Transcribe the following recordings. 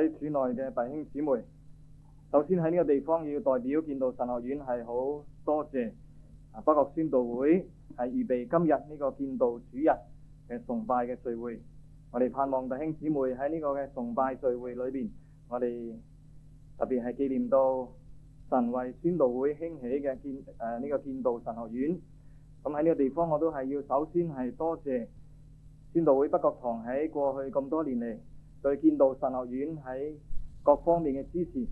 喺主內嘅弟兄姊妹，首先喺呢個地方要代表建道神學院係好多謝北角宣道會係預備今日呢個建道主日嘅崇拜嘅聚會，我哋盼望弟兄姊妹喺呢個嘅崇拜聚會裏邊，我哋特別係紀念到神為宣道會興起嘅建、誒呢，呃呢個建道神學院，咁喺呢個地方我都係要首先係多謝宣道會北角堂喺過去咁多年嚟，對建道神學院喺各方面嘅支持，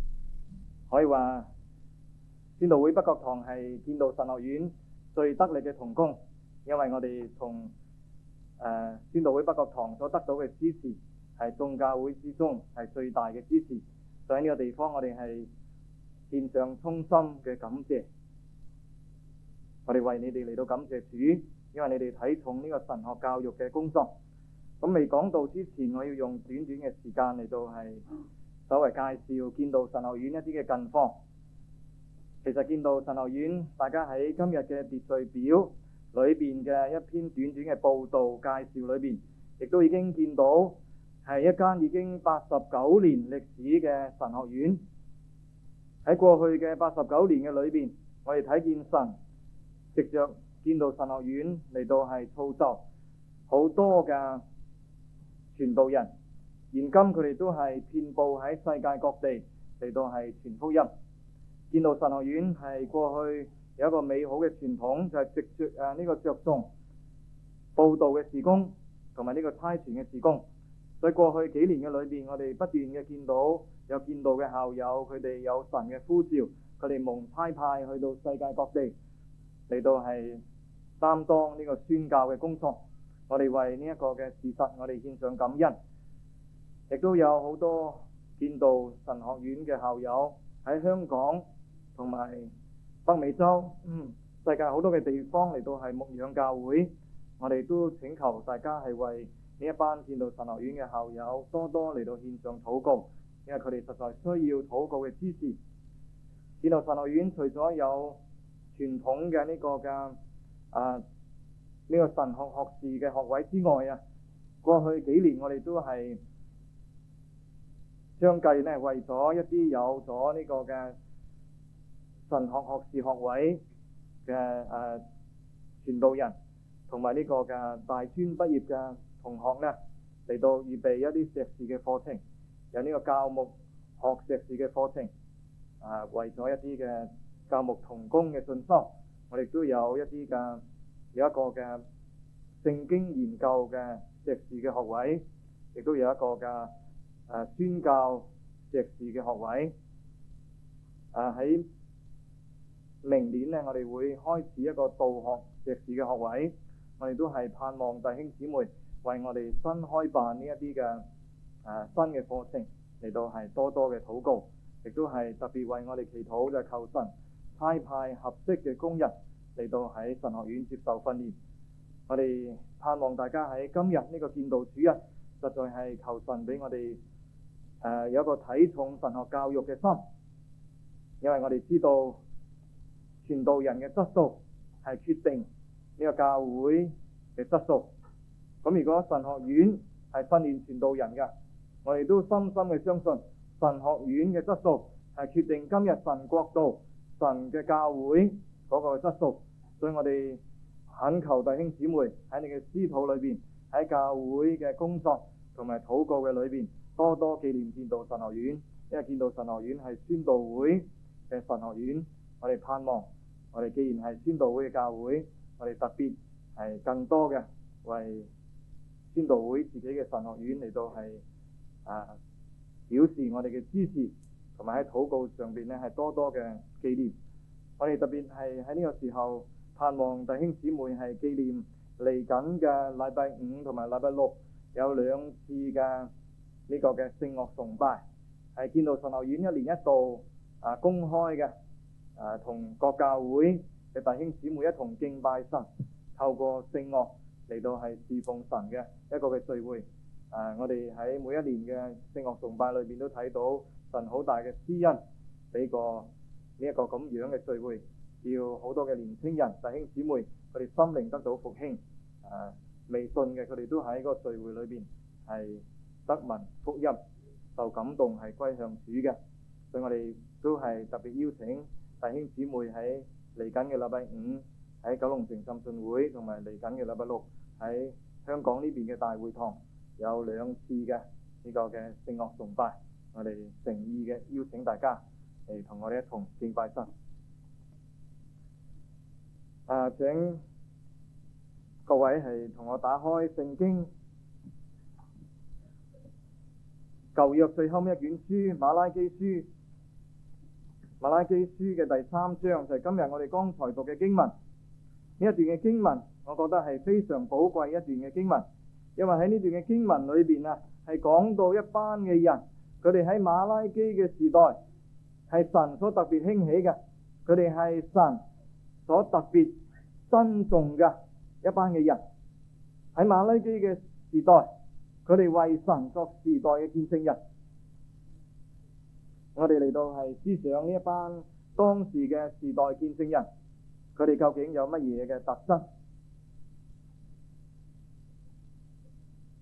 可以話宣道會北角堂係建道神學院最得力嘅同工，因為我哋從誒宣道會北角堂所得到嘅支持係眾教會之中係最大嘅支持。所以在呢個地方，我哋係獻上衷心嘅感謝。我哋為你哋嚟到感謝主，因為你哋睇重呢個神學教育嘅工作。咁未講到之前，我要用短短嘅時間嚟到係稍微介紹建道神學院一啲嘅近況。其實建道神學院，大家喺今日嘅秩序表裏邊嘅一篇短短嘅報道介紹裏邊，亦都已經見到係一間已經八十九年歷史嘅神學院。喺過去嘅八十九年嘅裏邊，我哋睇見神藉着建道神學院嚟到係操縱好多嘅。全部人，現今佢哋都係遍布喺世界各地嚟到係傳福音。建道神學院係過去有一個美好嘅傳統，就係、是、藉著呢個着重佈道嘅事工同埋呢個差傳嘅事工。所以過去幾年嘅裏邊，我哋不斷嘅見到有建道嘅校友，佢哋有神嘅呼召，佢哋蒙差派，派去到世界各地嚟到係擔當呢個宣教嘅工作。我哋為呢一個嘅事實，我哋獻上感恩，亦都有好多建道神學院嘅校友喺香港同埋北美洲，嗯，世界好多嘅地方嚟到係牧養教會，我哋都請求大家係為呢一班建道神學院嘅校友多多嚟到獻上禱告，因為佢哋實在需要禱告嘅支持。建道神學院除咗有傳統嘅呢個嘅啊呢個神學學士嘅學位之外啊，過去幾年我哋都係將計呢，為咗一啲有咗呢個嘅神學學士學位嘅誒傳道人同埋呢個嘅大專畢業嘅同學呢，嚟到預備一啲碩士嘅課程，有呢個教牧學碩士嘅課程，啊、呃，為咗一啲嘅教牧同工嘅進修，我哋都有一啲嘅。有一個嘅聖經研究嘅碩士嘅學位，亦都有一個嘅誒宣教碩士嘅學位。誒、呃、喺明年呢，我哋會開始一個道學碩士嘅學位。我哋都係盼望弟兄姊妹為我哋新開辦呢一啲嘅誒新嘅課程嚟到係多多嘅禱告，亦都係特別為我哋祈禱就求神派派合適嘅工人。嚟到喺神學院接受訓練，我哋盼望大家喺今日呢個見到主日，實在係求神俾我哋誒、呃、有一個睇重神學教育嘅心，因為我哋知道傳道人嘅質素係決定呢個教會嘅質素。咁如果神學院係訓練傳道人嘅，我哋都深深嘅相信神學院嘅質素係決定今日神國度神嘅教會嗰個質素。所以我哋懇求弟兄姊妹喺你嘅私禱裏邊，喺教會嘅工作同埋禱告嘅裏邊，多多紀念建道神學院，因為建道神學院係宣道會嘅神學院。我哋盼望，我哋既然係宣道會嘅教會，我哋特別係更多嘅為宣道會自己嘅神學院嚟到係啊、呃、表示我哋嘅支持，同埋喺禱告上邊咧係多多嘅紀念。我哋特別係喺呢個時候。盼望弟兄姊妹係紀念嚟緊嘅禮拜五同埋禮拜六有兩次嘅呢個嘅聖樂崇拜，係見到神學院一年一度啊公開嘅誒、啊、同各教會嘅弟兄姊妹一同敬拜神，透過聖樂嚟到係侍奉神嘅一個嘅聚會。誒、啊，我哋喺每一年嘅聖樂崇拜裏邊都睇到神好大嘅施恩，俾個呢一個咁、這個、樣嘅聚會。叫好多嘅年青人、弟兄姊妹，佢哋心靈得到復興。誒、啊，未信嘅佢哋都喺嗰個聚會裏邊係得聞福音、受感動，係歸向主嘅。所以我哋都係特別邀請弟兄姊妹喺嚟緊嘅禮拜五喺九龍城浸信會，同埋嚟緊嘅禮拜六喺香港呢邊嘅大會堂有兩次嘅呢、這個嘅聖樂崇拜，我哋誠意嘅邀請大家嚟同我哋一同敬拜神。啊，請各位係同我打開聖經舊約最後一卷書馬拉基書，馬拉基書嘅第三章就係今日我哋剛才讀嘅經文。呢一段嘅經文，我覺得係非常寶貴一段嘅經文，因為喺呢段嘅經文裏邊啊，係講到一班嘅人，佢哋喺馬拉基嘅時代係神所特別興起嘅，佢哋係神。所特別珍重嘅一班嘅人，喺馬拉基嘅時代，佢哋為神作時代嘅見證人。我哋嚟到係思想呢一班當時嘅時代見證人，佢哋究竟有乜嘢嘅特質？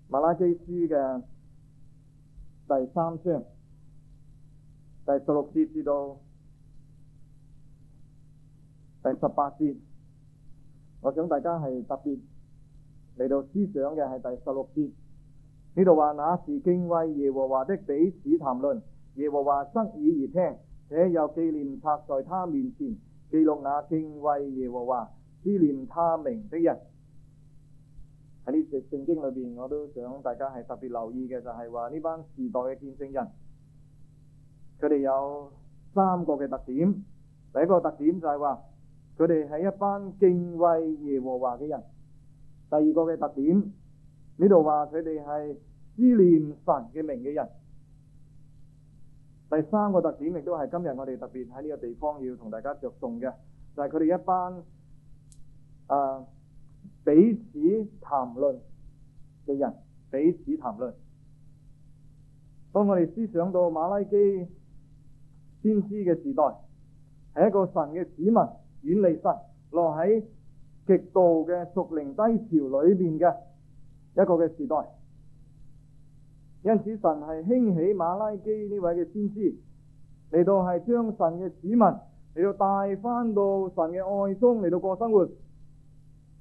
馬拉基書嘅第三章，第十六節至到，第十八節，我想大家係特別嚟到思想嘅係第十六節。呢度話，那時敬畏耶和華的彼此談論，耶和華側耳而聽，且有紀念冊在他面前，記錄那敬畏耶和華、思念他名的人。喺呢節聖經裏邊，我都想大家係特別留意嘅，就係話呢班時代嘅見證人，佢哋有三個嘅特點，第一個特點就係話。佢哋係一班敬畏耶和華嘅人。第二個嘅特點，呢度話佢哋係思念神嘅名嘅人。第三個特點，亦都係今日我哋特別喺呢個地方要同大家着重嘅，就係佢哋一班誒、啊、彼此談論嘅人，彼此談論。當我哋思想到馬拉基先知嘅時代，係一個神嘅子民。遠離神落喺極度嘅屬靈低潮裏面嘅一個嘅時代，因此神係興起馬拉基呢位嘅先知嚟到係將神嘅子民嚟到帶翻到神嘅愛中嚟到過生活。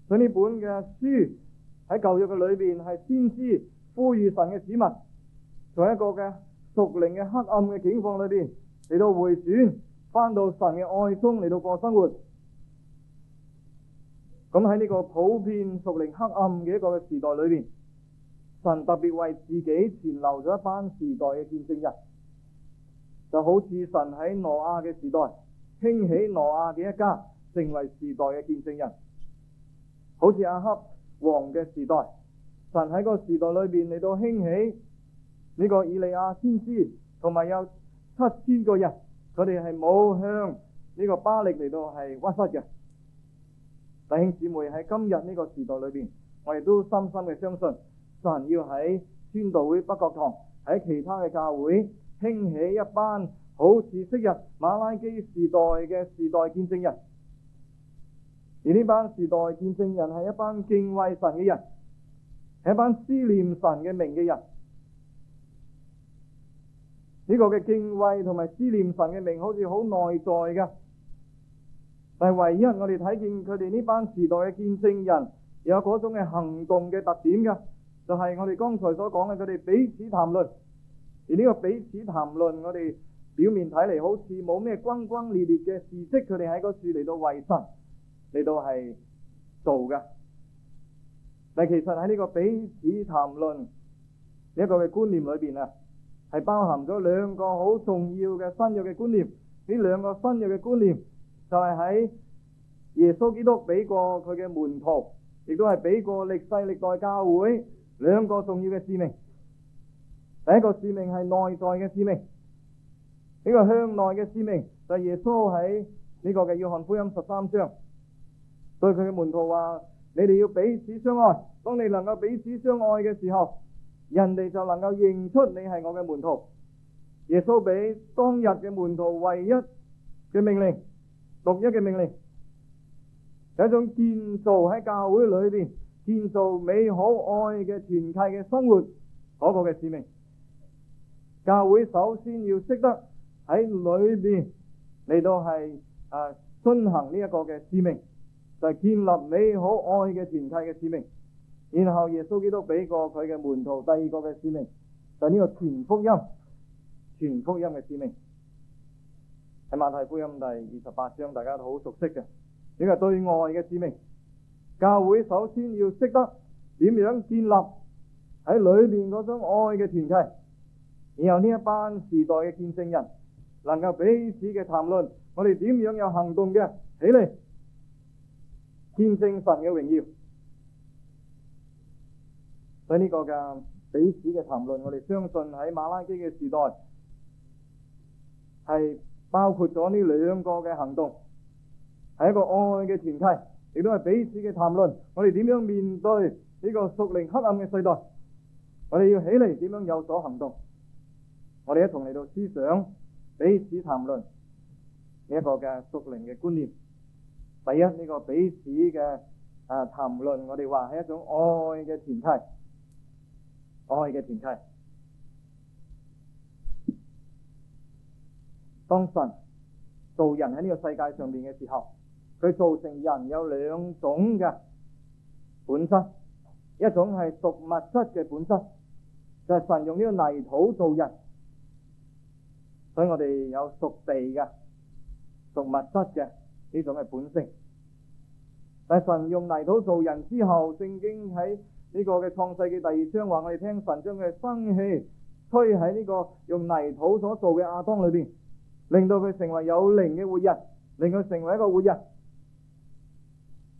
所以呢本嘅書喺舊約嘅裏邊係先知呼籲神嘅子民，從一個嘅屬靈嘅黑暗嘅境況裏邊嚟到回轉翻到神嘅愛中嚟到過生活。咁喺呢個普遍屬靈黑暗嘅一個嘅時代裏邊，神特別為自己存留咗一班時代嘅見證人，就好似神喺挪亞嘅時代興起挪亞嘅一家，成為時代嘅見證人；好似亞哈王嘅時代，神喺個時代裏邊嚟到興起呢個以利亞先知，同埋有，有七千個人，佢哋係冇向呢個巴力嚟到係屈膝嘅。弟兄姊妹喺今日呢個時代裏邊，我亦都深深嘅相信，神要喺宣道會北角堂，喺其他嘅教會興起一班好似昔日馬拉基時代嘅時代見證人。而呢班時代見證人係一班敬畏神嘅人，係一班思念神嘅名嘅人。呢、這個嘅敬畏同埋思念神嘅名，好似好內在噶。但係唯一我哋睇見佢哋呢班時代嘅見證人有嗰種嘅行動嘅特點嘅，就係我哋剛才所講嘅，佢哋彼此談論。而呢個彼此談論，我哋表面睇嚟好似冇咩轟轟烈烈嘅事迹，佢哋喺嗰處嚟到為神嚟到係做嘅。但其實喺呢個彼此談論呢一個嘅觀念裏邊啊，係包含咗兩個好重要嘅新約嘅觀念。呢兩個新約嘅觀念。就係喺耶穌基督俾過佢嘅門徒，亦都係俾過歷世歷代教會兩個重要嘅使命。第一個使命係內在嘅使命，呢個向內嘅使命，就係耶穌喺呢個嘅約翰福音十三章對佢嘅門徒話：你哋要彼此相愛。當你能夠彼此相愛嘅時候，人哋就能夠認出你係我嘅門徒。耶穌俾當日嘅門徒唯一嘅命令。獨一嘅命令係一種建造喺教會裏邊，建造美好愛嘅團契嘅生活嗰、那個嘅使命。教會首先要識得喺裏邊嚟到係啊遵行呢一個嘅使命，就係、是、建立美好愛嘅團契嘅使命。然後耶穌基督俾過佢嘅門徒第二個嘅使命，就係、是、呢個傳福音、傳福音嘅使命。喺馬太福音第二十八章，大家都好熟悉嘅，呢個對外嘅使命。教會首先要識得點樣建立喺裏面嗰種愛嘅團契，然後呢一班時代嘅見證人能夠彼此嘅談論，我哋點樣有行動嘅起嚟見證神嘅榮耀。對呢個嘅彼此嘅談論，我哋相信喺馬拉基嘅時代係。包括咗呢兩個嘅行動，係一個愛嘅團契，亦都係彼此嘅談論。我哋點樣面對呢個屬靈黑暗嘅世代？我哋要起嚟點樣有所行動？我哋一同嚟到思想，彼此談論呢一個嘅屬靈嘅觀念。第一，呢個彼此嘅啊談論，我哋話係一種愛嘅團契，愛嘅團契。當神做人喺呢個世界上邊嘅時候，佢造成人有兩種嘅本質，一種係屬物質嘅本質，就係、是、神用呢個泥土做人，所以我哋有屬地嘅、屬物質嘅呢種嘅本性。但神用泥土做人之後，聖經喺呢個嘅創世記第二章話：我哋聽神將佢嘅生氣推喺呢個用泥土所做嘅亞當裏邊。令到佢成為有靈嘅活人，令佢成為一個活人。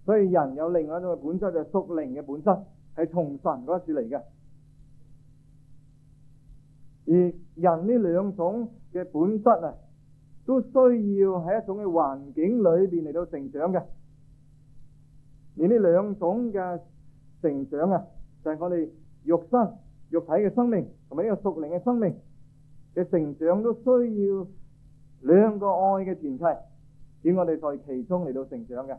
所以人有另外一種嘅本質就係屬靈嘅本質，係、就、從、是、神嗰處嚟嘅。而人呢兩種嘅本質啊，都需要喺一種嘅環境裏邊嚟到成長嘅。而呢兩種嘅成長啊，就係、是、我哋肉身、肉體嘅生命，同埋呢個屬靈嘅生命嘅成長都需要。兩個愛嘅團契，與我哋在其中嚟到成長嘅。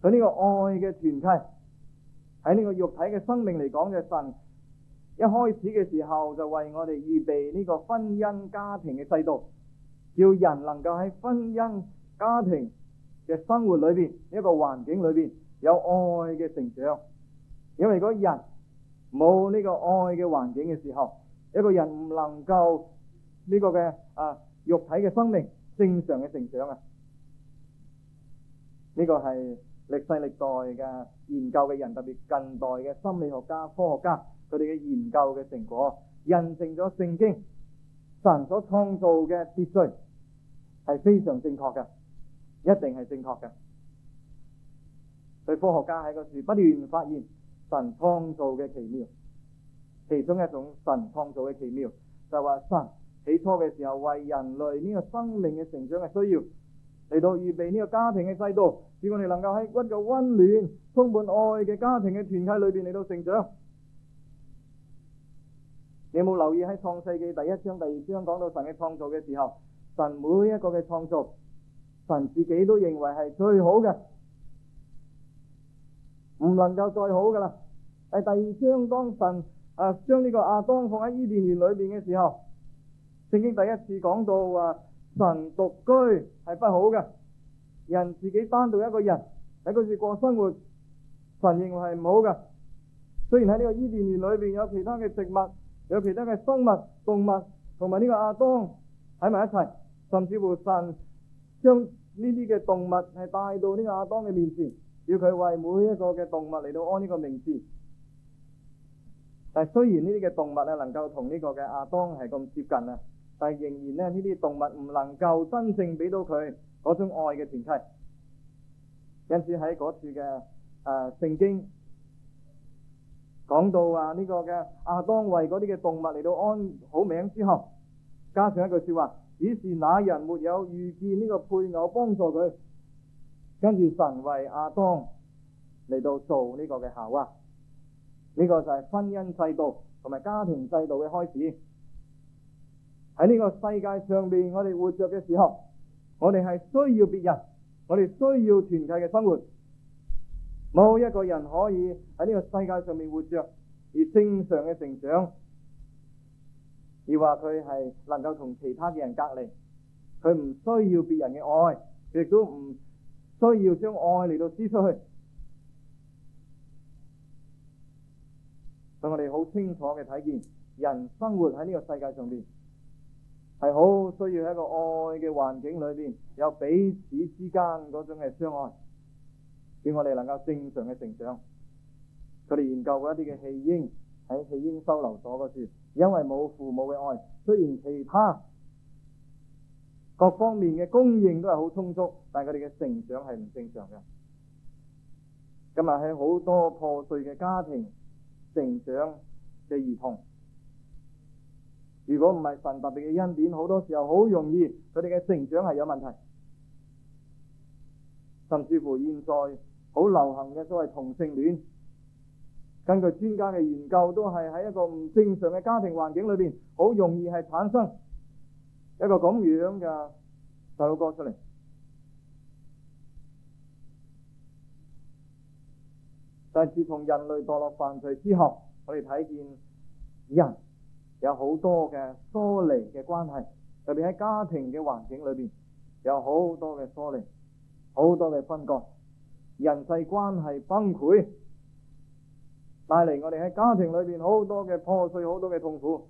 所以呢個愛嘅團契喺呢個肉體嘅生命嚟講嘅神，一開始嘅時候就為我哋預備呢個婚姻家庭嘅制度，叫人能夠喺婚姻家庭嘅生活裏邊呢一個環境裏邊有愛嘅成長。因為如果人冇呢個愛嘅環境嘅時候，一個人唔能夠。呢個嘅啊，肉體嘅生命正常嘅成長啊，呢個係歷世歷代嘅研究嘅人，特別近代嘅心理學家、科學家，佢哋嘅研究嘅成果，印證咗聖經神所創造嘅秩序係非常正確嘅，一定係正確嘅。對科學家喺嗰時不斷發現神創造嘅奇妙，其中一種神創造嘅奇妙就係話神，起初嘅時候，為人類呢個生命嘅成長嘅需要嚟到預備呢個家庭嘅制度，使我哋能夠喺一個溫暖、充滿愛嘅家庭嘅團契裏邊嚟到成長。你有冇留意喺創世紀第一章、第二章講到神嘅創造嘅時候，神每一個嘅創造，神自己都認為係最好嘅，唔能夠再好㗎喇。喺第二章當神啊將呢個亞當放喺伊甸園裏邊嘅時候。聖經第一次講到話神獨居係不好嘅。人自己單獨一個人喺嗰處過生活，神認為係唔好嘅。雖然喺呢個伊甸園裏邊有其他嘅植物，有其他嘅生物、動物，同埋呢個亞當喺埋一齊。甚至乎神將呢啲嘅動物係帶到呢個亞當嘅面前，要佢為每一個嘅動物嚟到安呢個名字。但係雖然呢啲嘅動物啊能夠同呢個嘅亞當係咁接近啊。但係仍然咧，呢啲動物唔能夠真正俾到佢嗰種愛嘅前提。因此喺嗰處嘅誒聖經講到話、啊、呢、這個嘅亞當為嗰啲嘅動物嚟到安好名之後，加上一句説話，只是那人沒有遇見呢個配偶幫助佢。跟住神為亞當嚟到做呢個嘅夏娃啊，呢、這個就係婚姻制度同埋家庭制度嘅開始。喺呢個世界上邊，我哋活着嘅時候，我哋係需要別人，我哋需要團體嘅生活。冇一個人可以喺呢個世界上面活着而正常嘅成長。而話佢係能夠同其他嘅人隔離，佢唔需要別人嘅愛，亦都唔需要將愛嚟到施出去。等我哋好清楚嘅睇見，人生活喺呢個世界上邊，係好需要喺一個愛嘅環境裏邊，有彼此之間嗰種嘅相愛，令我哋能夠正常嘅成長。佢哋研究過一啲嘅棄嬰喺棄嬰收留所嗰處，因為冇父母嘅愛，雖然其他各方面嘅供應都係好充足，但係佢哋嘅成長係唔正常嘅。今日喺好多破碎嘅家庭成長嘅兒童。如果唔係神特別嘅恩典，好多時候好容易佢哋嘅成長係有問題，甚至乎現在好流行嘅所謂同性戀，根據專家嘅研究，都係喺一個唔正常嘅家庭環境裏邊，好容易係產生一個咁樣嘅細佬哥出嚟。但係自從人類墮落犯罪之後，我哋睇見人。有好多嘅疏離嘅關係，特別喺家庭嘅環境裏邊，有好多嘅疏離，好多嘅分割，人際關係崩潰，帶嚟我哋喺家庭裏邊好多嘅破碎，好多嘅痛苦。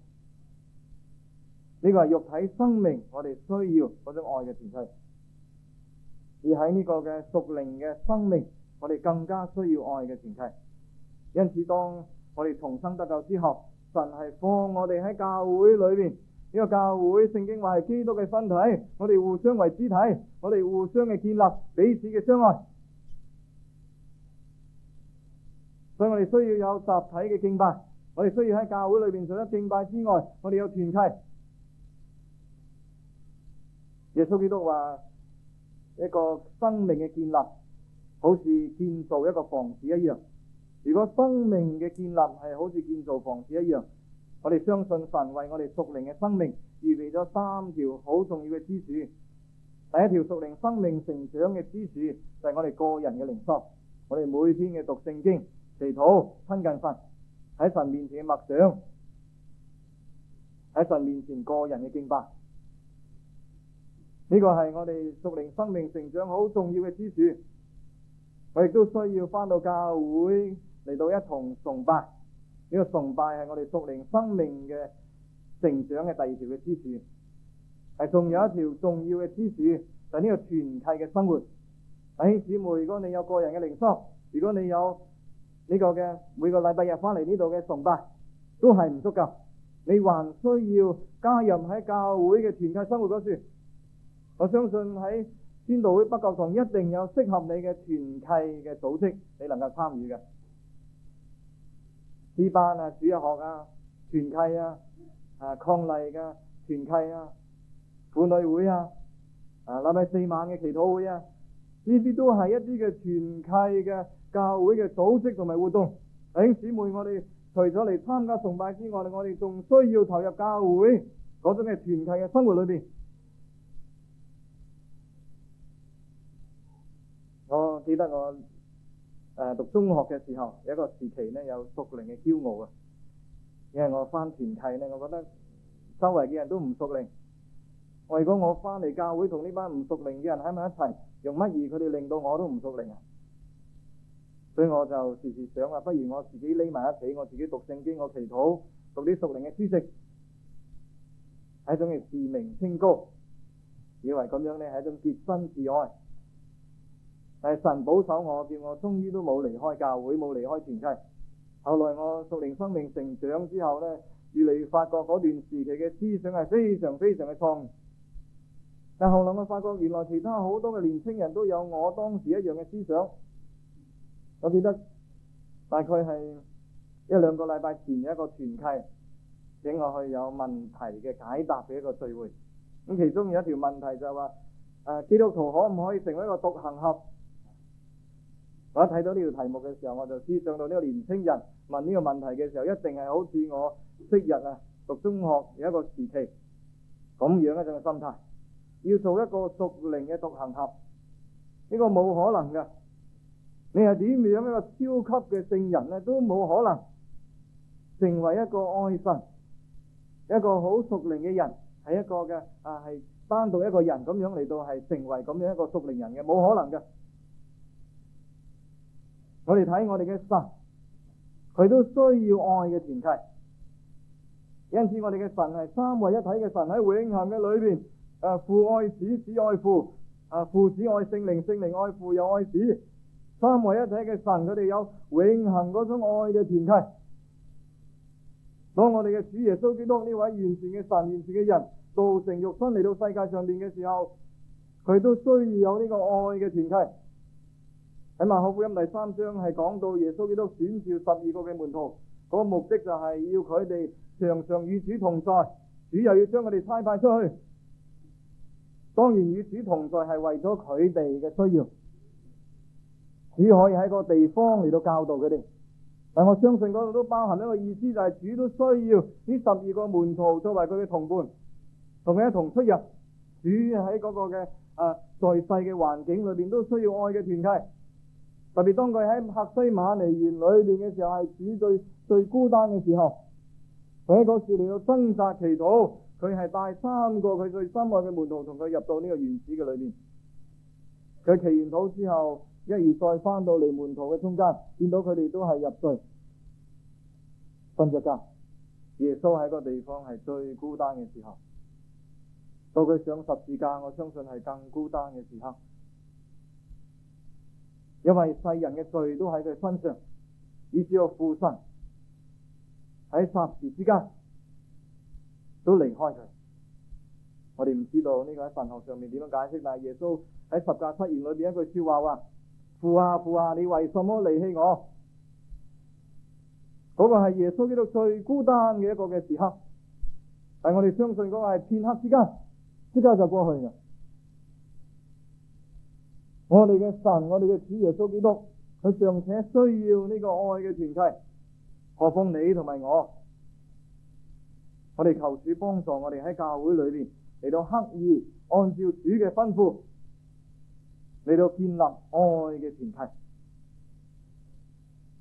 呢、這個係肉體生命我哋需要嗰種愛嘅前提，而喺呢個嘅屬靈嘅生命，我哋更加需要愛嘅前提。因此，當我哋重生得救之後，神係放我哋喺教會裏面，呢個教會，聖經話係基督嘅身體，我哋互相為肢體，我哋互相嘅建立彼此嘅相愛。所以我哋需要有集體嘅敬拜，我哋需要喺教會裏面除咗敬拜之外，我哋有團契。耶穌基督話一個生命嘅建立，好似建造一個房子一樣。如果生命嘅建立係好似建造房子一樣，我哋相信神為我哋屬靈嘅生命預備咗三條好重要嘅支柱。第一條屬靈生命成長嘅支柱就係我哋個人嘅靈修，我哋每天嘅讀聖經、祈禱、親近神，喺神面前嘅默想，喺神面前個人嘅敬拜。呢個係我哋屬靈生命成長好重要嘅支柱。我亦都需要返到教會。嚟到一同崇拜，呢、這個崇拜係我哋屬靈生命嘅成長嘅第二條嘅支柱，係仲有一條重要嘅支柱就係、是、呢個團契嘅生活。弟兄姊妹，如果你有個人嘅靈修，如果你有呢個嘅每個禮拜日翻嚟呢度嘅崇拜，都係唔足夠，你還需要加入喺教會嘅團契生活嗰處。我相信喺宣道會北角堂，一定有適合你嘅團契嘅組織，你能夠參與嘅。詩班啊，主日學啊，團契啊，啊抗例噶團契啊，婦女會啊，啊禮拜四晚嘅祈禱會啊，呢啲都係一啲嘅團契嘅教會嘅組織同埋活動。弟兄姊妹，我哋除咗嚟參加崇拜之外，我哋仲需要投入教會嗰種嘅團契嘅生活裏邊。我記得我。誒，讀中學嘅時候有一個時期呢，有屬靈嘅驕傲啊！因為我翻團契呢，我覺得周圍嘅人都唔屬靈，我如果我翻嚟教會同呢班唔屬靈嘅人喺埋一齊，用乜嘢佢哋令到我都唔屬靈啊？所以我就時時想啊，不如我自己匿埋一起，我自己讀聖經，我祈禱，讀啲屬靈嘅書籍，係一種自命清高，以為咁樣呢係一種潔身自愛。係神保守我，叫我終於都冇離開教會，冇離開團契。後來我屬靈生命成長之後呢，越嚟越發覺嗰段時期嘅思想係非常非常嘅痛。但後來我發覺原來其他好多嘅年青人都有我當時一樣嘅思想。我記得大概係一兩個禮拜前有一個團契，請我去有問題嘅解答嘅一個聚會。咁其中有一條問題就話、係：誒、呃，基督徒可唔可以成為一個獨行俠？我睇到呢條題目嘅時候，我就思想到呢個年青人問呢個問題嘅時候，一定係好似我昔日啊讀中學有一個時期咁樣一種嘅心態，要做一個屬靈嘅獨行俠，呢、這個冇可能噶。你係點樣一個超級嘅聖人咧，都冇可能成為一個愛神，一個好屬靈嘅人，係一個嘅啊，係單獨一個人咁樣嚟到係成為咁樣一個屬靈人嘅，冇、這個、可能嘅。我哋睇我哋嘅神，佢都需要愛嘅團契。因此，我哋嘅神係三位一體嘅神，喺永恒嘅裏邊，誒、啊、父愛子，子愛父，誒、啊、父子愛聖靈，聖靈愛父又愛子，三位一體嘅神佢哋有永恒嗰種愛嘅團契。當我哋嘅主耶穌基督呢位完全嘅神、完全嘅人，道成肉身嚟到世界上面嘅時候，佢都需要有呢個愛嘅團契。喺《馬可福音》第三章係講到耶穌基督選召十二個嘅門徒，嗰個目的就係要佢哋常常與主同在，主又要將佢哋差派出去。當然與主同在係為咗佢哋嘅需要，主可以喺嗰個地方嚟到教導佢哋。但我相信嗰度都包含一個意思，就係主都需要呢十二個門徒作為佢嘅同伴，同佢一同出入。主喺嗰個嘅、啊、在世嘅環境裏邊都需要愛嘅團契。特別當佢喺赫西馬尼園裏面嘅時候，係最最最孤單嘅時候。佢喺嗰處嚟到掙扎祈禱，佢係帶三個佢最深愛嘅門徒同佢入到呢個園子嘅裏面。佢祈完禱之後，一而再翻到嚟門徒嘅中間，見到佢哋都係入睡瞓着覺。耶穌喺嗰個地方係最孤單嘅時候。到佢上十字架，我相信係更孤單嘅時刻。因為世人嘅罪都喺佢身上，以致我父神喺霎時之間都離開佢。我哋唔知道呢個喺神學上面點樣解釋，但係耶穌喺十架七言裏邊一句說話話：父下、啊、父下、啊，你為什麼離棄我？嗰個係耶穌基督最孤單嘅一個嘅時刻，但我哋相信嗰個係片刻之間，即刻就過去嘅。我哋嘅神，我哋嘅主耶穌基督，佢尚且需要呢個愛嘅團契，何況你同埋我？我哋求主幫助，我哋喺教會裏邊嚟到刻意按照主嘅吩咐嚟到建立愛嘅團契，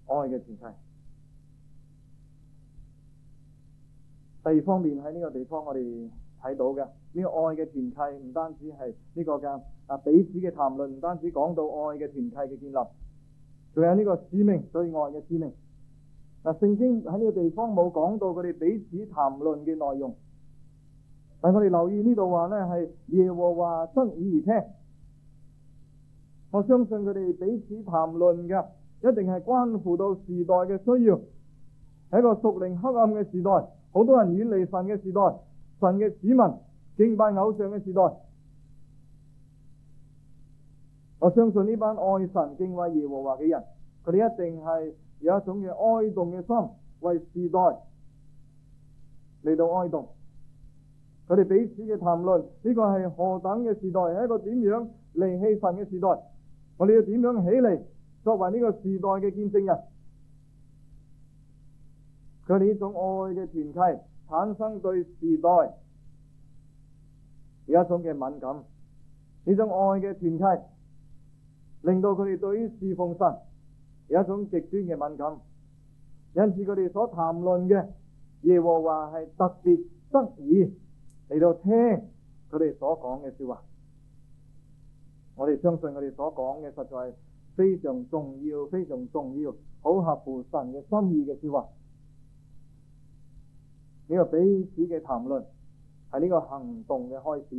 愛嘅團契。第二方面喺呢個地方我哋睇到嘅。呢個愛嘅團契唔單止係呢個嘅啊彼此嘅談論，唔單止講到愛嘅團契嘅建立，仲有呢個使命，對愛嘅使命。嗱，聖經喺呢個地方冇講到佢哋彼此談論嘅內容，但我哋留意呢度話呢係耶和華側耳而聽，我相信佢哋彼此談論嘅一定係關乎到時代嘅需要，喺一個屬靈黑暗嘅時代，好多人遠離神嘅時代，神嘅子民。敬拜偶像嘅時代，我相信呢班愛神、敬畏耶和華嘅人，佢哋一定係有一種嘅哀慟嘅心，為時代嚟到哀慟。佢哋彼此嘅談論，呢個係何等嘅時代？係一個點樣離棄神嘅時代？我哋要點樣起嚟，作為呢個時代嘅見證人？佢哋呢種愛嘅團契，產生對時代。有一種嘅敏感，呢種愛嘅團契，令到佢哋對於侍奉神有一種極端嘅敏感。因此佢哋所談論嘅耶和華係特別得意嚟到聽佢哋所講嘅說話。我哋相信佢哋所講嘅實在非常重要，非常重要，好合乎神嘅心意嘅說話。呢、這個彼此嘅談論。係呢個行動嘅開始，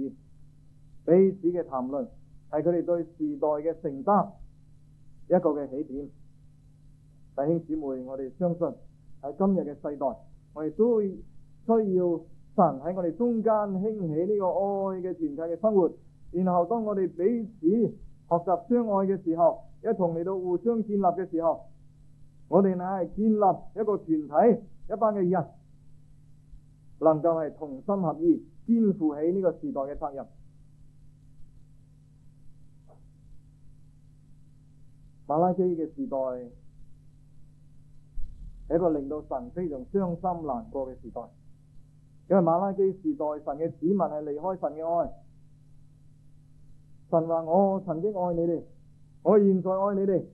彼此嘅談論係佢哋對時代嘅承擔一個嘅起點。弟兄姊妹，我哋相信喺今日嘅世代，我哋都會需要神喺我哋中間興起呢個愛嘅團體嘅生活。然後當我哋彼此學習相愛嘅時候，一同嚟到互相建立嘅時候，我哋乃係建立一個團體，一班嘅人，能夠係同心合意，肩負起呢個時代嘅責任。馬拉基嘅時代係一個令到神非常傷心難過嘅時代，因為馬拉基時代神嘅子民係離開神嘅愛。神話我曾經愛你哋，我現在愛你哋。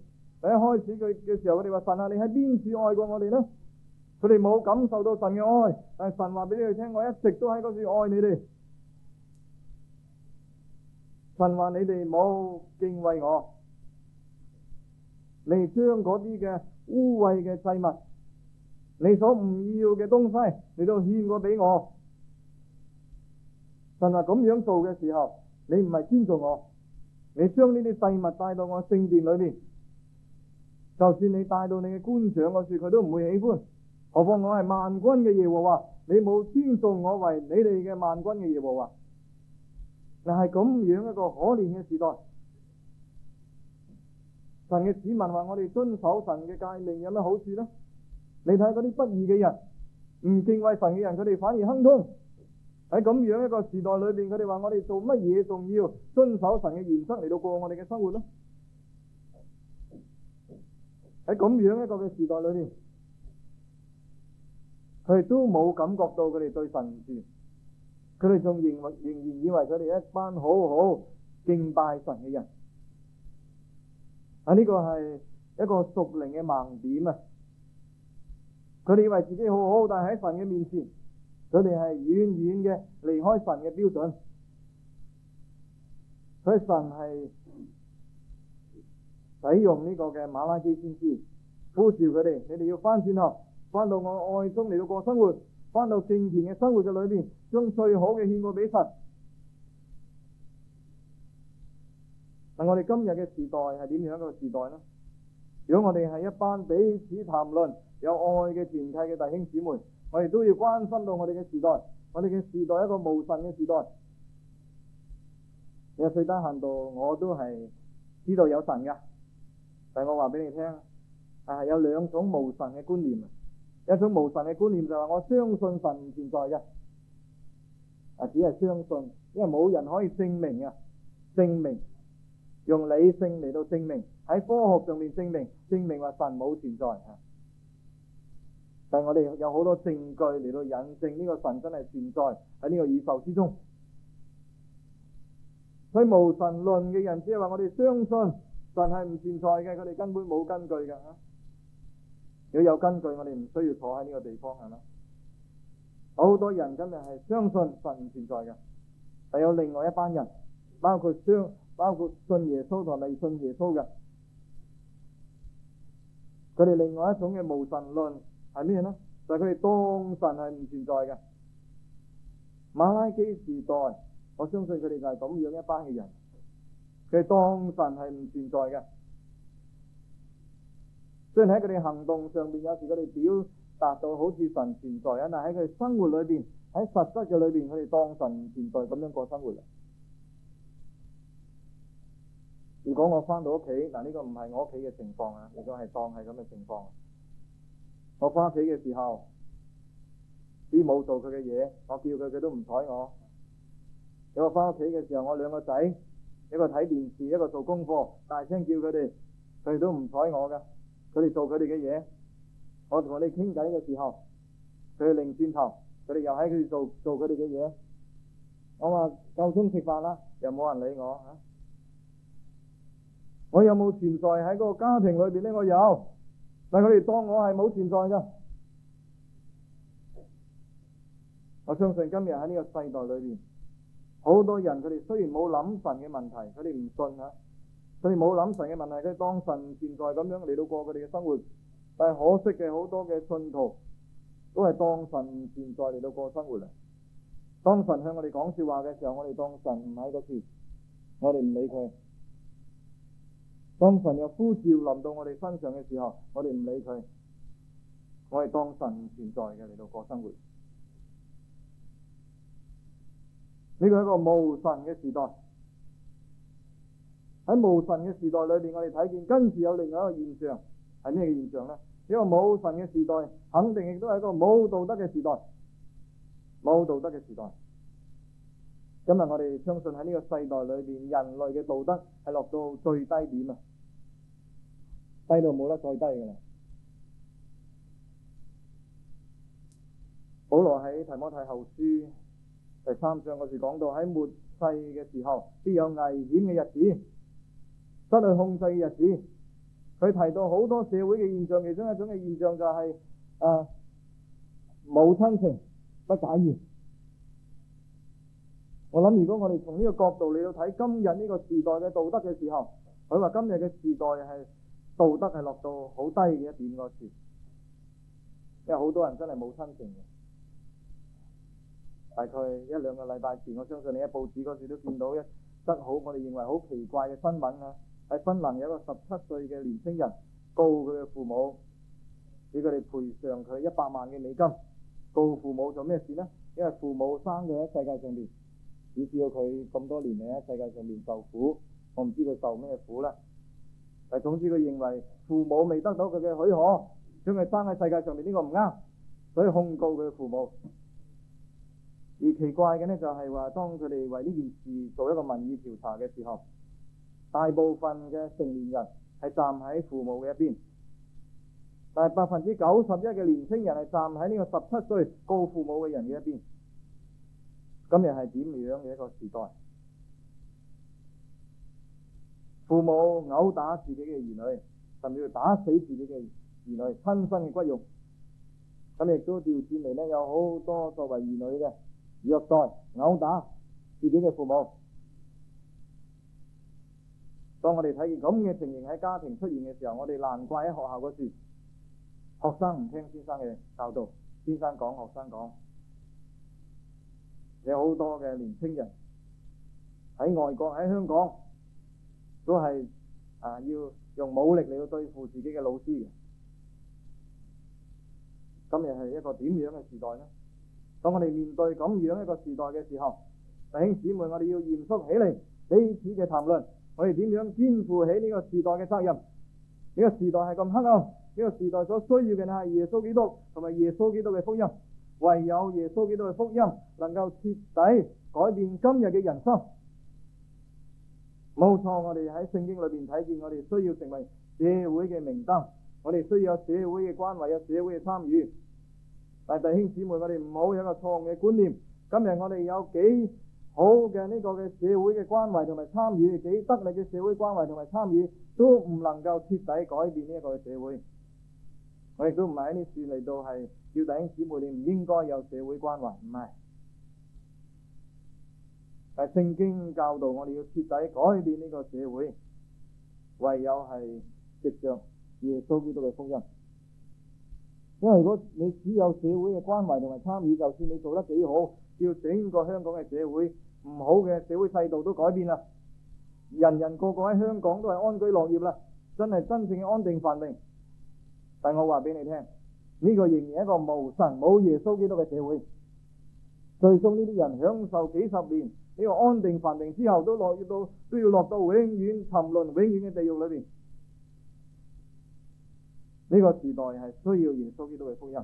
喺一開始佢嘅時候，佢哋話神啊，你喺邊處愛過我哋呢？佢哋冇感受到神嘅愛，但係神話俾你哋聽，我一直都喺嗰處愛你哋。神話你哋冇敬畏我，你將嗰啲嘅污穢嘅祭物，你所唔要嘅東西，你都獻過俾我。神話咁樣做嘅時候，你唔係尊重我，你將呢啲祭物帶到我聖殿裏邊，就算你帶到你嘅官長嗰處，佢都唔會喜歡。何況我係萬軍嘅耶和華，你冇尊重我為你哋嘅萬軍嘅耶和華？嗱，係咁樣一個可憐嘅時代，神嘅子民話：我哋遵守神嘅誡命有咩好處呢？你睇嗰啲不義嘅人，唔敬畏神嘅人，佢哋反而亨通。喺咁樣一個時代裏邊，佢哋話：我哋做乜嘢仲要？遵守神嘅原則嚟到過我哋嘅生活呢。喺咁樣一個嘅時代裏邊。佢哋都冇感覺到佢哋對神唔住，佢哋仲仍仍然以為佢哋一班好好敬拜神嘅人，啊，呢個係一個屬靈嘅盲點啊！佢哋以為自己好好，但喺神嘅面前，佢哋係遠遠嘅離開神嘅標準。所以神係使用呢個嘅馬拉基先知呼召佢哋，你哋要翻轉學。翻到我愛中嚟到過生活，翻到敬虔嘅生活嘅裏面，將最好嘅獻過俾神。嗱，我哋今日嘅時代係點樣嘅個時代呢？如果我哋係一班彼此談論有愛嘅團契嘅弟兄姊妹，我哋都要關心到我哋嘅時代，我哋嘅時代一個無神嘅時代。你有四單限度，我都係知道有神噶，但我話俾你聽，啊，有兩種無神嘅觀念啊。一種無神嘅觀念就係話我相信神唔存在嘅，啊只係相信，因為冇人可以證明嘅，證明用理性嚟到證明喺科學上面證明，證明話神冇存在啊。但係我哋有好多證據嚟到引證呢個神真係存在喺呢個宇宙之中。所以無神論嘅人只係話我哋相信神係唔存在嘅，佢哋根本冇根據㗎。要有根據，我哋唔需要坐喺呢個地方，係咪？好多人咁就係相信神唔存在嘅，但有另外一班人，包括相包括信耶穌同未信耶穌嘅，佢哋另外一種嘅無神論係咩呢？就係佢哋當神係唔存在嘅。馬拉基時代，我相信佢哋就係咁樣一班嘅人，佢哋當神係唔存在嘅。雖然喺佢哋行動上邊，有時佢哋表達到好似神存在啊！但，喺佢哋生活裏邊，喺實質嘅裏邊，佢哋當神存在咁樣過生活。如果我翻到屋企嗱，呢個唔係我屋企嘅情況啊，亦都係當係咁嘅情況，我翻屋企嘅時候，啲冇做佢嘅嘢，我叫佢佢都唔睬我；有個翻屋企嘅時候，我兩個仔，一個睇電視，一個做功課，大聲叫佢哋，佢哋都唔睬我㗎。佢哋做佢哋嘅嘢，我同佢哋傾偈嘅時候，佢哋擰轉頭，佢哋又喺佢哋做做佢哋嘅嘢。我話夠鐘食飯啦，又冇人理我吓，啊。我有冇存在喺個家庭裏邊呢？我有，但係佢哋當我係冇存在噶。我相信今日喺呢個世代裏邊，好多人佢哋雖然冇諗神嘅問題，佢哋唔信吓，啊？佢冇諗神嘅問題，佢當神唔存在咁樣嚟到過佢哋嘅生活。但係可惜嘅，好多嘅信徒都係當神唔存在嚟到過生活。嚟當神向我哋講說話嘅時候，我哋當神唔喺嗰處，我哋唔理佢。當神有呼召臨到我哋身上嘅時候，我哋唔理佢，我哋當神唔存在嘅嚟到過生活。呢個係一個無神嘅時代。喺無神嘅時代裏邊，我哋睇見跟住有另外一個現象，係咩嘅現象呢？呢個冇神嘅時代，肯定亦都係一個冇道德嘅時代，冇道德嘅時代。今日我哋相信喺呢個世代裏邊，人類嘅道德係落到最低點啊，低到冇得再低噶啦。保羅喺提摩太後書第三章嗰時講到，喺末世嘅時候必有危險嘅日子。失去控制嘅日子，佢提到好多社會嘅現象，其中一種嘅現象就係誒冇親情不解怨。我諗如果我哋從呢個角度嚟到睇今日呢個時代嘅道德嘅時候，佢話今日嘅時代係道德係落到好低嘅一點嗰處，因為好多人真係冇親情嘅。大概一兩個禮拜前，我相信你喺報紙嗰處都見到一則好我哋認為好奇怪嘅新聞啊！喺芬蘭有一個十七歲嘅年青人告佢嘅父母，俾佢哋賠償佢一百萬嘅美金。告父母做咩事呢？因為父母生佢喺世界上面，只知道佢咁多年嚟喺世界上面受苦，我唔知佢受咩苦啦。但總之佢認為父母未得到佢嘅許可，將佢生喺世界上面呢個唔啱，所以控告佢父母。而奇怪嘅呢，就係話，當佢哋為呢件事做一個民意調查嘅時候，大部分嘅成年人係站喺父母嘅一邊，但係百分之九十一嘅年青人係站喺呢個十七歲告父母嘅人嘅一邊。今日係點樣嘅一個時代？父母毆打自己嘅兒女，甚至要打死自己嘅兒女，親身嘅骨肉。咁亦都調轉嚟咧，有好多作為兒女嘅虐待、毆打自己嘅父母。當我哋睇見咁嘅情形喺家庭出現嘅時候，我哋難怪喺學校嗰時學生唔聽先生嘅教導，先生講，學生講，有好多嘅年青人喺外國、喺香港都係啊，要用武力嚟到對付自己嘅老師嘅。今日係一個點樣嘅時代呢？當我哋面對咁樣一個時代嘅時候，弟兄姊妹，我哋要嚴肅起嚟彼此嘅談論。我哋點樣肩負起呢個時代嘅責任？呢個時代係咁黑暗，呢個時代所需要嘅係耶穌基督同埋耶穌基督嘅福音，唯有耶穌基督嘅福音能夠徹底改變今日嘅人生。冇錯，我哋喺聖經裏面睇見，我哋需要成為社會嘅明燈，我哋需要有社會嘅關懷，有社會嘅參與。但弟兄姊妹，我哋唔好有個錯誤嘅觀念。今日我哋有幾？好嘅呢個嘅社會嘅關懷同埋參與，幾得力嘅社會關懷同埋參與，都唔能夠徹底改變呢一個嘅社會。我亦都唔係呢啲事嚟到係叫弟兄姊妹你唔應該有社會關懷，唔係。係聖經教導我哋要徹底改變呢個社會，唯有係藉着耶穌基督嘅福音。因為如果你只有社會嘅關懷同埋參與，就算、是、你做得幾好。要整個香港嘅社會唔好嘅社會制度都改變啦，人人個個喺香港都係安居樂業啦，真係真正嘅安定繁榮。但我話俾你聽，呢個仍然一個無神冇耶穌基督嘅社會，最終呢啲人享受幾十年呢個安定繁榮之後，都落越到都要落到永遠沉淪，永遠嘅地獄裏邊。呢個時代係需要耶穌基督嘅福音，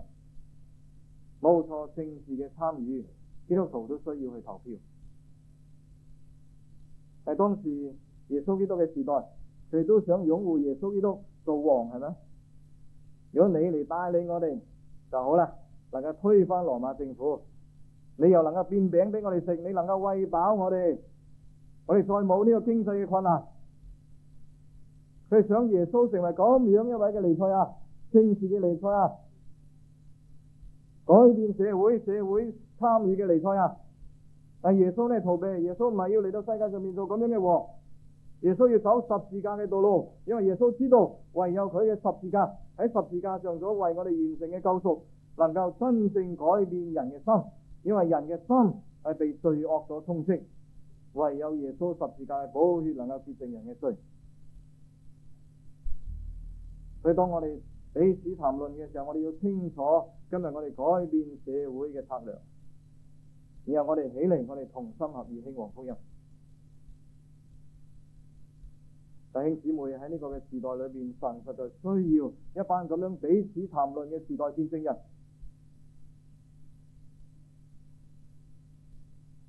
冇錯，政治嘅參與。基督徒都需要去投票，但係當時耶穌基督嘅時代，佢都想擁護耶穌基督做王，係咪？如果你嚟帶領我哋就好啦，能夠推翻羅馬政府，你又能夠變餅俾我哋食，你能夠餵飽我哋，我哋再冇呢個經濟嘅困難。佢想耶穌成為咁樣一位嘅彌賽亞，政治嘅彌賽亞，改變社會，社會參與嘅尼賽啊！但耶穌呢，逃避。耶穌唔係要嚟到世界上面做咁樣嘅禍。耶穌要走十字架嘅道路，因為耶穌知道唯有佢嘅十字架喺十字架上所為我哋完成嘅救贖，能夠真正改變人嘅心。因為人嘅心係被罪惡所充斥，唯有耶穌十字架嘅寶血能夠潔淨人嘅罪。所以當我哋彼此談論嘅時候，我哋要清楚今日我哋改變社會嘅策略。然後我哋起嚟，我哋同心合意興旺福音。弟兄姊妹喺呢個嘅時代裏邊，神實在需要一班咁樣彼此談論嘅時代見證人。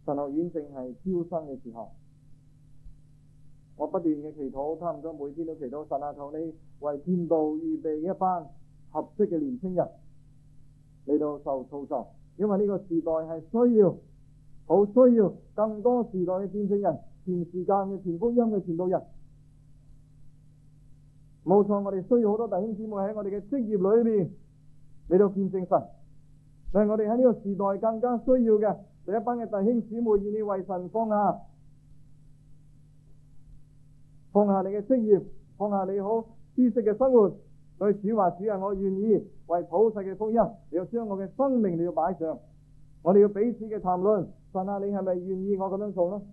神學院正係招生嘅時候，我不斷嘅祈禱，差唔多每天都祈禱，神阿父呢為建道預備一班合適嘅年青人嚟到受操作，因為呢個時代係需要。好需要更多時代嘅見證人，全時間嘅全福音嘅傳道人。冇錯，我哋需要好多弟兄姊妹喺我哋嘅職業裏邊嚟到見證神。所以我哋喺呢個時代更加需要嘅，第、就是、一班嘅弟兄姊妹以你為神放下，放下你嘅職業，放下你好舒適嘅生活，對主話：主啊，我願意為普世嘅福音，你要將我嘅生命你要擺上。我哋要彼此嘅談論。神啊，你係咪願意我咁樣做咧？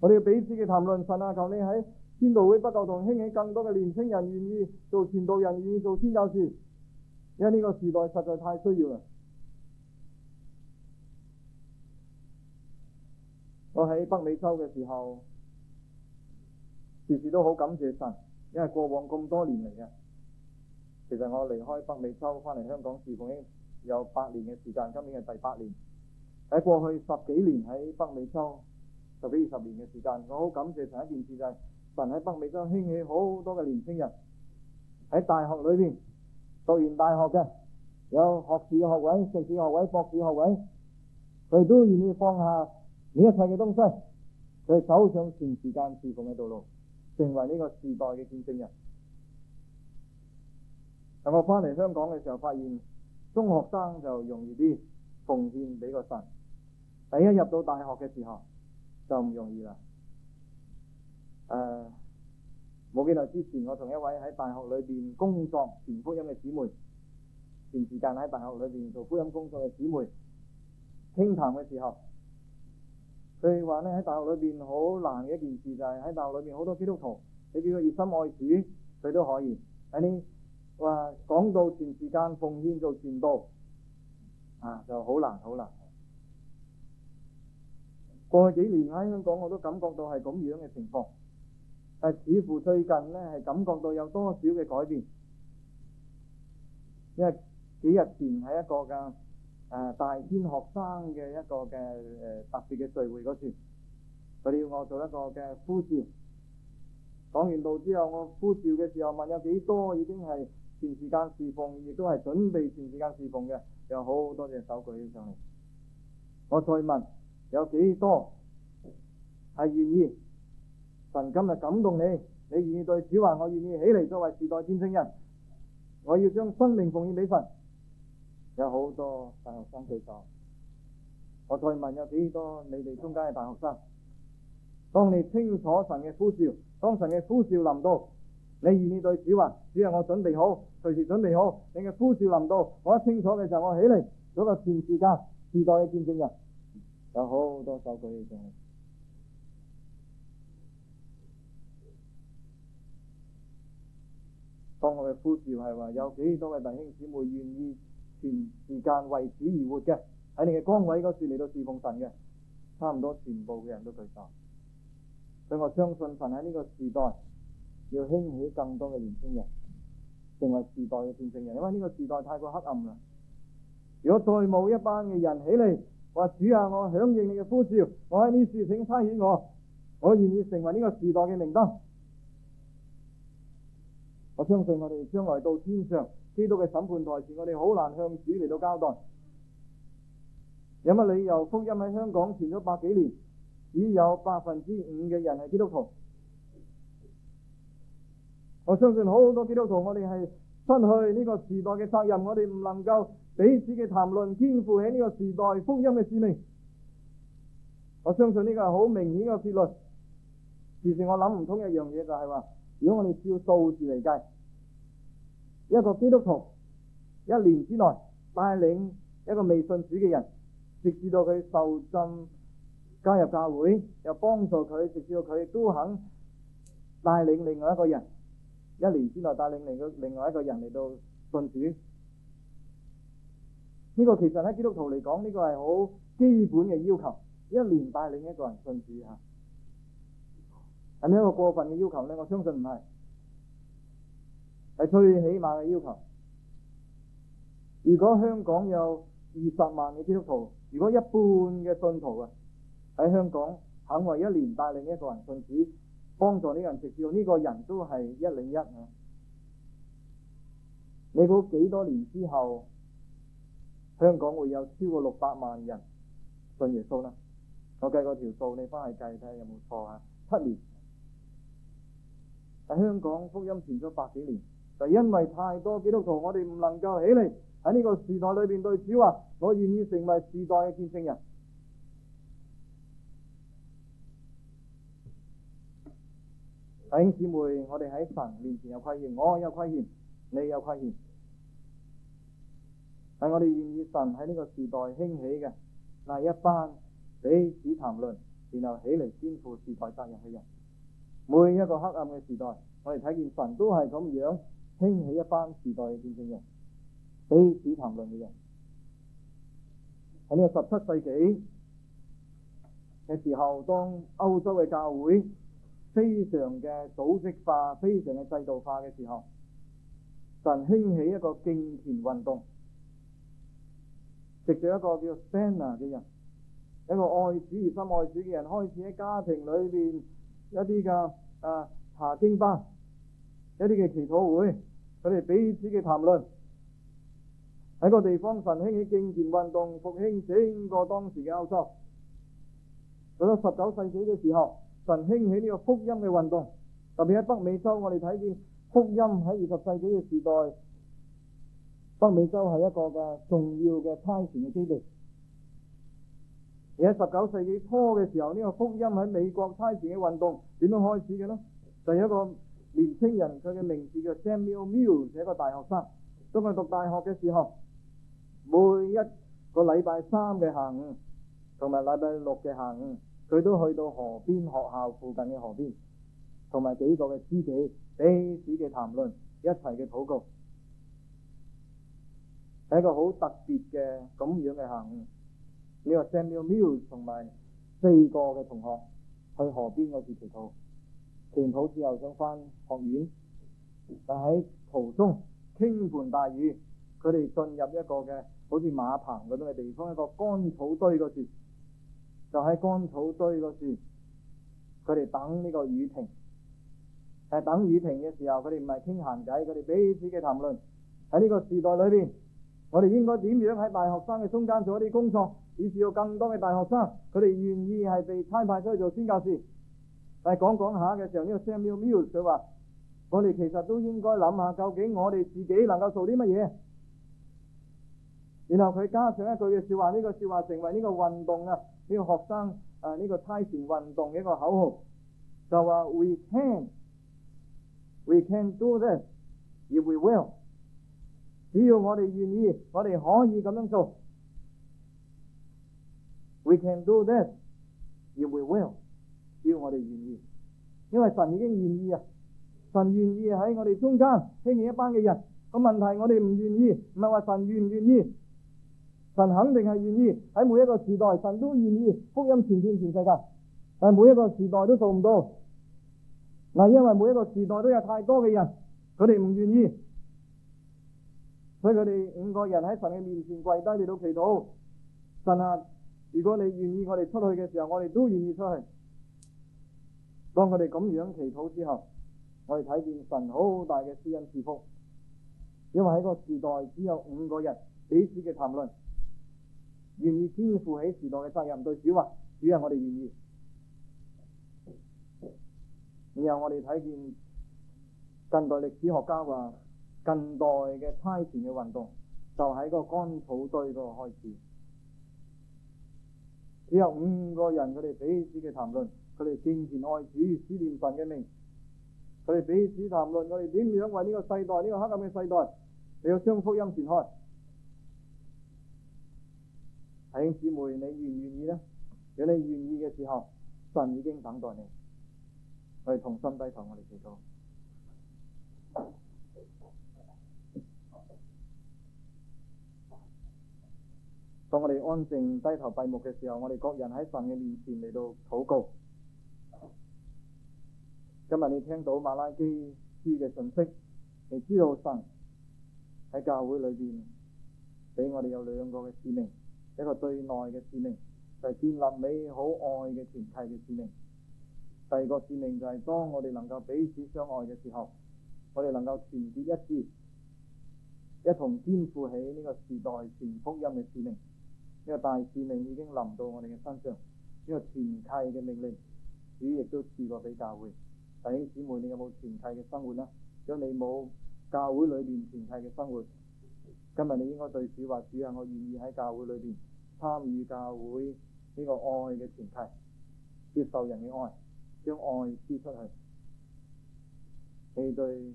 我哋要彼此嘅談論。神啊，求你喺宣道會不夠，同興起更多嘅年青人願意做傳道人，願意做宣教士，因為呢個時代實在太需要啦。我喺北美洲嘅時候，時時都好感謝神，因為過往咁多年嚟啊，其實我離開北美洲翻嚟香港事奉已經有八年嘅時間，今年係第八年。喺過去十幾年喺北美洲十幾二十年嘅時間，我好感謝第一件事就係，神喺北美洲興起好多嘅年青人，喺大學裏邊讀完大學嘅有學士學位、碩士學位、博士學位，佢都願意放下呢一切嘅東西，去走上全時間侍奉嘅道路，成為呢個時代嘅見證人。但我翻嚟香港嘅時候，發現中學生就容易啲奉獻俾個神。第一入到大學嘅時候就唔容易啦。誒、啊，冇幾耐之前，我同一位喺大學裏邊工作傳福音嘅姊妹，全時間喺大學裏邊做福音工作嘅姊妹傾談嘅時候，佢話呢，喺大學裏邊好難嘅一件事就係喺大學裏面好、就是、多基督徒，你叫佢熱心愛主，佢都可以，但係你話講到全時間奉獻做傳道啊，就好難好難。過去幾年喺香港，我都感覺到係咁樣嘅情況，但、呃、似乎最近呢係感覺到有多少嘅改變。因為幾日前喺一個嘅誒、呃、大專學生嘅一個嘅誒、呃、特別嘅聚會嗰時，佢哋要我做一個嘅呼召，講完道之後，我呼召嘅時候問有幾多已經係全時間侍奉，亦都係準備全時間侍奉嘅，有好、好多隻手舉起上嚟，我再問。有幾多係願意？神今日感動你，你願意對主話：我願意起嚟作為時代見證人。我要將生命奉獻俾神。有好多大學生舉手。我再問有幾多？你哋中間嘅大學生？當你清楚神嘅呼召，當神嘅呼召臨到，你願意對主話：主啊，我準備好，隨時準備好。你嘅呼召臨到，我一清楚嘅時候，我起嚟做一個全時間、時代嘅見證人。有好多手舉起喺度。當我嘅呼召係話，有幾多位弟兄姊妹願意全時間為主而活嘅，喺你嘅崗位嗰處嚟到侍奉神嘅，差唔多全部嘅人都舉手。所以我相信神喺呢個時代要興起更多嘅年輕人，成為時代嘅見證人，因為呢個時代太過黑暗啦。如果再冇一班嘅人起嚟，我主啊，我響應你嘅呼召，我喺呢處請差遣我，我願意成為呢個時代嘅明燈。我相信我哋將來到天上，基督嘅審判台前，我哋好難向主嚟到交代。有乜理由福音喺香港傳咗百幾年，只有百分之五嘅人係基督徒？我相信好多基督徒，我哋係失去呢個時代嘅責任，我哋唔能夠。彼此嘅談論，肩負起呢個時代福音嘅使命，我相信呢個係好明顯嘅結論。其實我諗唔通一樣嘢就係、是、話，如果我哋照數字嚟計，一個基督徒一年之內帶領一個未信主嘅人，直至到佢受浸加入教會，又幫助佢直至到佢都肯帶領另外一個人，一年之內帶領另個另外一個人嚟到信主。呢個其實喺基督徒嚟講，呢個係好基本嘅要求，一年帶領一個人信主啊，係咪一個過分嘅要求咧？我相信唔係，係最起碼嘅要求。如果香港有二十萬嘅基督徒，如果一半嘅信徒啊喺香港肯為一年帶領一個人信主，幫助呢個人接受，呢個人都係一零一啊！你估幾多年之後？香港會有超過六百萬人信耶穌啦，我計過條數，你翻去計睇下有冇錯啊！七年喺香港福音傳咗百幾年，就因為太多基督徒，我哋唔能夠起嚟喺呢個時代裏邊對主話：我願意成為時代嘅見證人。弟兄姊妹，我哋喺神面前有虧欠，我有虧欠，你有虧欠。係我哋願意神喺呢個時代興起嘅，嗱一班彼此談論，然後起嚟肩負時代責任嘅人。每一個黑暗嘅時代，我哋睇見神都係咁樣興起一班時代嘅見證人，彼此談論嘅人。喺呢個十七世紀嘅時候，當歐洲嘅教會非常嘅組織化、非常嘅制度化嘅時候，神興起一個敬虔運動。藉著一個叫 Sena 嘅人，一個愛主而深愛主嘅人，開始喺家庭裏邊一啲嘅啊查經班、一啲嘅祈禱會，佢哋彼此嘅談論，喺個地方神興起敬虔運動，復興整個當時嘅歐洲。到咗十九世紀嘅時候，神興起呢個福音嘅運動，特別喺北美洲，我哋睇見福音喺二十世紀嘅時代。北美洲係一個嘅重要嘅差傳嘅基地。而喺十九世紀初嘅時候，呢、呢個福音喺美國差傳嘅運動點樣開始嘅呢？就有一個年青人，佢嘅名字叫 Samuel Mills，係一個大學生。當佢讀大學嘅時候，每一個禮拜三嘅下午同埋禮拜六嘅下午，佢都去到河邊學校附近嘅河邊，同埋幾個嘅知己，彼此嘅談論，一齊嘅禱告。喺一個好特別嘅咁樣嘅下午，呢個 Samuel Mills 同埋四個嘅同學去河邊嗰度祈禱，祈禱之後想翻學院，但喺途中傾盆大雨，佢哋進入一個嘅好似馬棚咁樣嘅地方，一個乾草堆嗰樹，就喺乾草堆嗰樹，佢哋等呢個雨停，係等雨停嘅時候，佢哋唔係傾閒偈，佢哋彼此嘅談論喺呢個時代裏邊。我哋應該點樣喺大學生嘅中間做一啲工作，以至有更多嘅大學生佢哋願意係被差派出去做宣教士。但係講講下嘅時候，呢個 Samuel Mills 佢話：我哋其實都應該諗下，究竟我哋自己能夠做啲乜嘢。然後佢加上一句嘅説話，呢個説話成為呢個運動啊，呢個學生啊，呢個差傳運動嘅一個口號，就話：We can, we can do this if we will. 只要我哋願意，我哋可以咁樣做。We can do that if we will。只要我哋願意，因為神已經願意啊，神願意喺我哋中間興起一班嘅人。個問題我哋唔願意，唔係話神願唔願意，神肯定係願意，喺每一個時代，神都願意福音傳遍全世界，但係每一個時代都做唔到，嗱，因為每一個時代都有太多嘅人，佢哋唔願意。所以佢哋五個人喺神嘅面前跪低，嚟到祈禱。神啊，如果你願意，我哋出去嘅時候，我哋都願意出去。當佢哋咁樣祈禱之後，我哋睇見神好大嘅施恩賜福。因為喺個時代只有五個人彼此嘅談論，願意肩負起時代嘅責任。對主話：主人，我哋願意。然後我哋睇見近代歷史學家話。近代嘅差傳嘅運動就喺個乾草堆嗰個開始，只有五個人，佢哋彼此嘅談論，佢哋敬虔愛主、思念神嘅命，佢哋彼此談論，我哋點樣為呢個世代、呢、呢個黑暗嘅世代，你要將福音傳開，提醒姊妹你願唔願意呢？如果你願意嘅時候，神已經等待你，我哋同心低頭，我哋祈禱。當我哋安靜低頭閉目嘅時候，我哋各人喺神嘅面前嚟到禱告。今日你聽到馬拉基書嘅信息，你知道神喺教會裏邊俾我哋有兩個嘅使命：一個對內嘅使命，就係、是、建立美好愛嘅團契嘅使命；第二個使命就係當我哋能夠彼此相愛嘅時候，我哋能夠團結一致，一同肩負起呢個時代全福音嘅使命。呢個大使命已經臨到我哋嘅身上，呢、這個團契嘅命令，主亦都賜過俾教會。弟兄姊妹，你有冇團契嘅生活呢？如果你冇教會裏邊團契嘅生活，今日你應該對主話：主啊，我願意喺教會裏邊參與教會呢個愛嘅團契，接受人嘅愛，將愛施出去。你對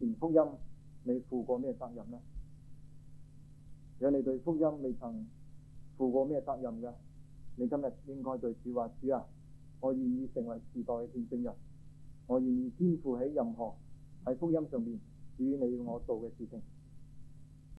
傳福音你負過咩責任呢？如果你對福音未曾，負過咩責任嘅？你今日應該對主話：主啊，我願意成為時代嘅見證人，我願意肩負起任何喺福音上面，主你要我做嘅事情。